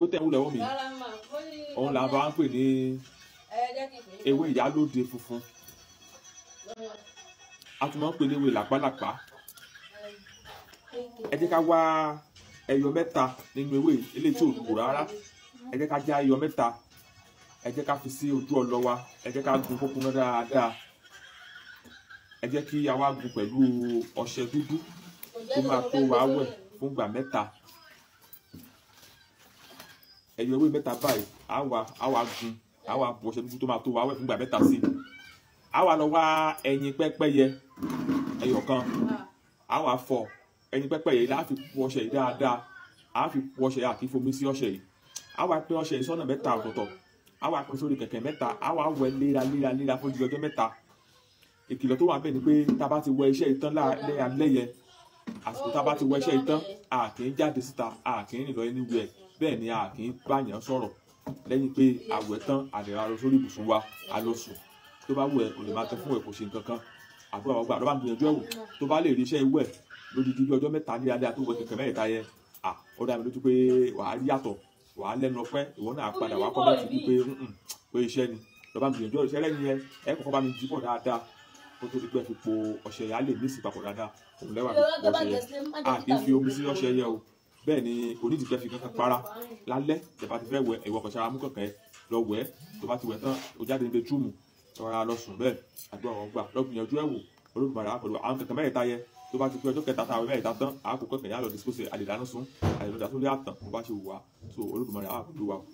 tó tẹ̀ ń lọ́wọ́ mi òun là ń bá ń pè ní ewé ìyálóde funfun a tún máa ń pè ní ewé làpálàpá ẹ jẹ́ ká wá ẹyọ mẹ́ta nínú ewé eléyìí tí ò lù rárá ẹ jẹ́ ká já ẹyọ mẹ́ta ẹ jẹ́ ká fi sí ojú ọlọ wa ẹ jẹ́ ká gun kókó náà dáadáa ẹ jẹ́ kí a wá gun pẹ̀lú ọṣẹ dúdú tó máa tó wàá wẹ̀ fúngbà mẹ́ta ẹyọ ewé mẹ́ta báyìí àwa àwa gun àwa bọ̀ ṣe tuntun tó máa tó wa fúngbà mẹ́ta sí àwa lọ wá ẹyin pẹ́pẹ́yẹ ẹyọ kan àwa fọ ẹyin pẹ́pẹ́yẹ yìí láàfi pọ ọṣẹ yìí dáadáa àáfi pọ ọṣẹ yìí àti fomi sí ọṣẹ yìí àwa pín ọṣẹ yìí sọ́nà mẹ́ta ọ̀tọ̀ọ̀tọ̀ àwa pín sórí kẹ̀kẹ́ mẹ́ta àwa wẹ̀ léraléra léra fún ju ọjọ́ mẹ́ta ìkìlọ̀ tó wà bẹ́ẹ̀ ni pé tá a bá ti wọ iṣẹ́ ìtàn lẹ́yà lẹ́yẹ àsìkò tá a bá ti wọ iṣẹ́ ìtàn a kì í jáde síta a kì í rìn lọ anywhere bẹ́ẹ̀ ni a kì í báyàn sọ̀rọ̀ lẹ́yìn pé àwẹ̀ tán àdìrà lọ sórí ibùsùn wa a lọ sùn tó bá wù ẹ́ kò lè máa tẹ fún ẹ kò ṣe nǹkan kan àbúrò àwọn gbàdúrà ń gbìyànjú ẹ̀wò tó bá lè rí iṣẹ́ ìwẹ̀ lódidi bí ọjọ́ mẹ́ta léraléra tó wọ kẹ̀kẹ́ mẹ́ta yẹn à ó dá mi lójú pé wàá rí yàtọ̀ wàá lẹ́nu ọpẹ́ ìwọ náà padà wàá kọ́ bẹ́ẹ̀ ti pé pé iṣẹ́ ni lọ́ba ń gbìyànjú iṣẹ́ lẹ́yìn yẹn ẹ kọ́kọ́ bá mi jí pọ̀ dáadáa kó tó di pé fi po ọṣẹ yẹn á lè ní ìsìn papọ̀ dáadáa òun lẹ́wà fi po ọṣẹ yẹn à kì í fi omi sí ọṣẹ yẹn o bẹ́ẹ̀ ni onídìí fẹ́ fi kankan para lálẹ́ tẹ̀bá ti fẹ́ wẹ ìwọ kọ̀ sára mú kẹ̀kẹ́ lọ wẹ̀ tó bá ti wẹ̀ tán o jáde ní bẹ́túmù ọ̀rọ̀ lọ sùn bẹ́ẹ̀ àdúrà wọn gbà lọ́gbìyànjú ẹ̀ wò olódùmarè àpọ̀lù àwọn kẹ̀kẹ́ mẹ́ta yẹ tó bá ti pé ọjọ́ kẹta táwọn mẹ́ta tán àákò kẹ̀kẹ́ yà lọ dispose so olódùmarè àpọ̀lù